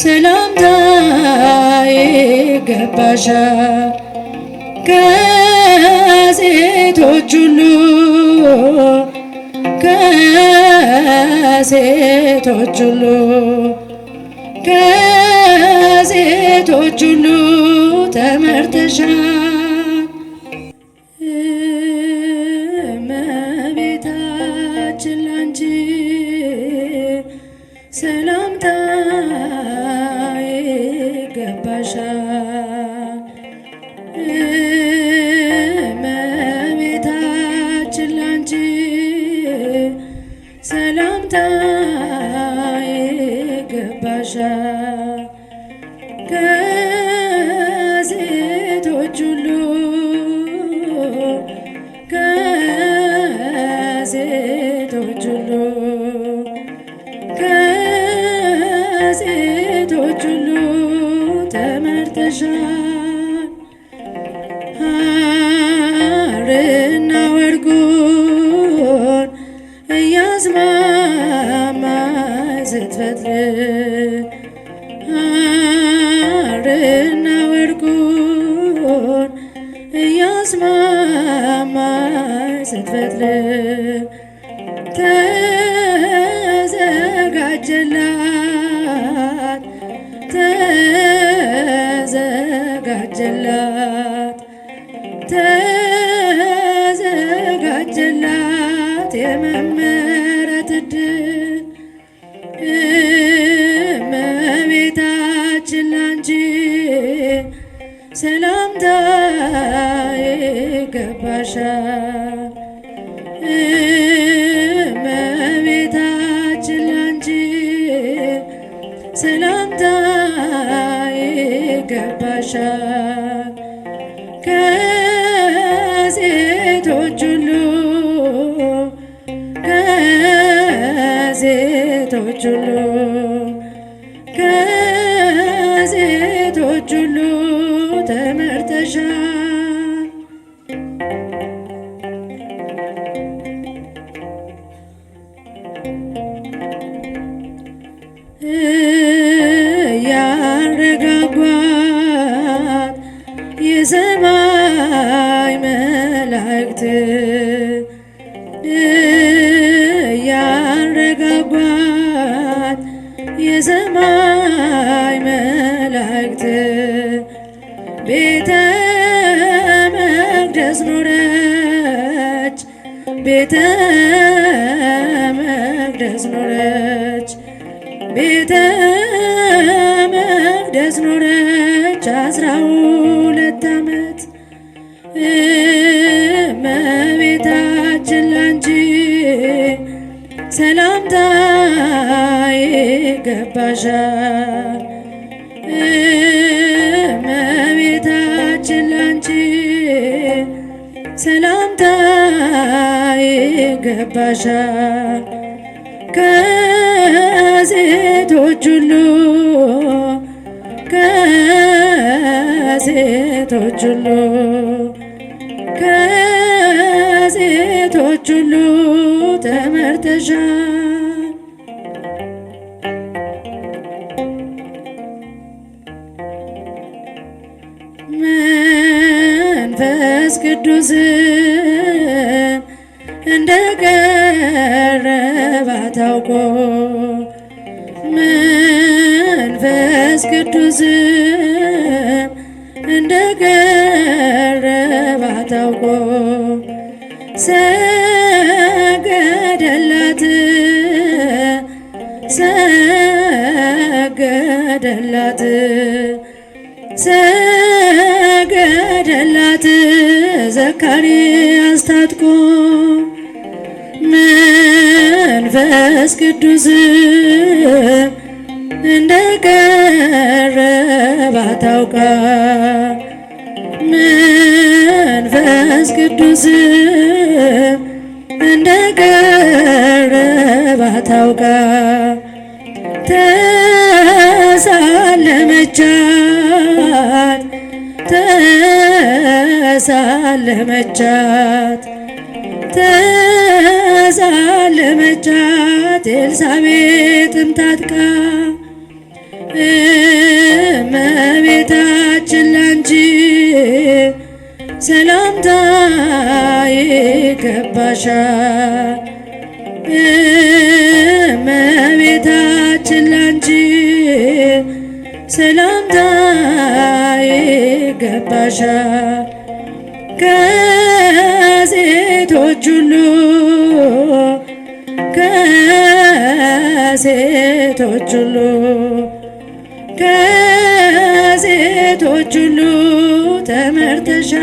ሰላምታዬ ገባሻል ከሴቶች ሁሉ ከሴቶች ሁሉ ከሴቶች ሁሉ ተመርተሻል እመቤታችን ላንቺ ሰላምታ ጌታዬ ገባሻል ከሴቶች ሁሉ ከሴቶች ሁሉ ከሴቶች ሁሉ ተመርተሻል ስትፈጥር ሐርና ወርቁን እያስማማች ስትፈጥር ተዘጋጀላት ተዘጋጀላት ተዘጋጀላት የመመ ላንቺ ሰላምታ ይገባሻል። እመቤታችን ላንቺ ሰላምታ ይገባሻል። ከሴቶች ሁሉ ከሴቶች ሁሉ ተጋባት የሰማይ መላእክት ያረጋባት የሰማይ መላእክት ቤተ መቅደስ ኖረች ቤተ መቅደስ ኖረች ቤተ መቅደስ ኖረች አስራ ሁለት ዓመት። እመቤታችን ላንቺ ሰላምታ ይገባሻል። እመቤታችን ላንቺ ሰላምታ ይገባሻል። ከሴቶች ሁሉ ከሴቶች ሁሉ ከሴቶች ሁሉ ተመርተሻ መንፈስ ቅዱስ እንደ ቀረባ ታውቆ መንፈስ ቅዱስ እንደ ቀረባት አውቆ ሰገደላት ሰገደላት ሰገደላት ዘካርያስ ታጥቆ መንፈስ ቅዱስም እንደቀረበ አታውቃ መንፈስ ቅዱስም እንደቀረበ አታውቃ ተሳለመቻት ተሳለመቻት ተሳለመቻት ኤልሳቤጥም ታጥቃ እመቤታችን ላንቺ ሰላምታ ይገባሻል። እመቤታችን ላንቺ ሰላምታ ይገባሻል። ከሴቶች ሁሉ ከሴቶች ሁሉ ከሴቶች ሁሉ ተመርተሻል።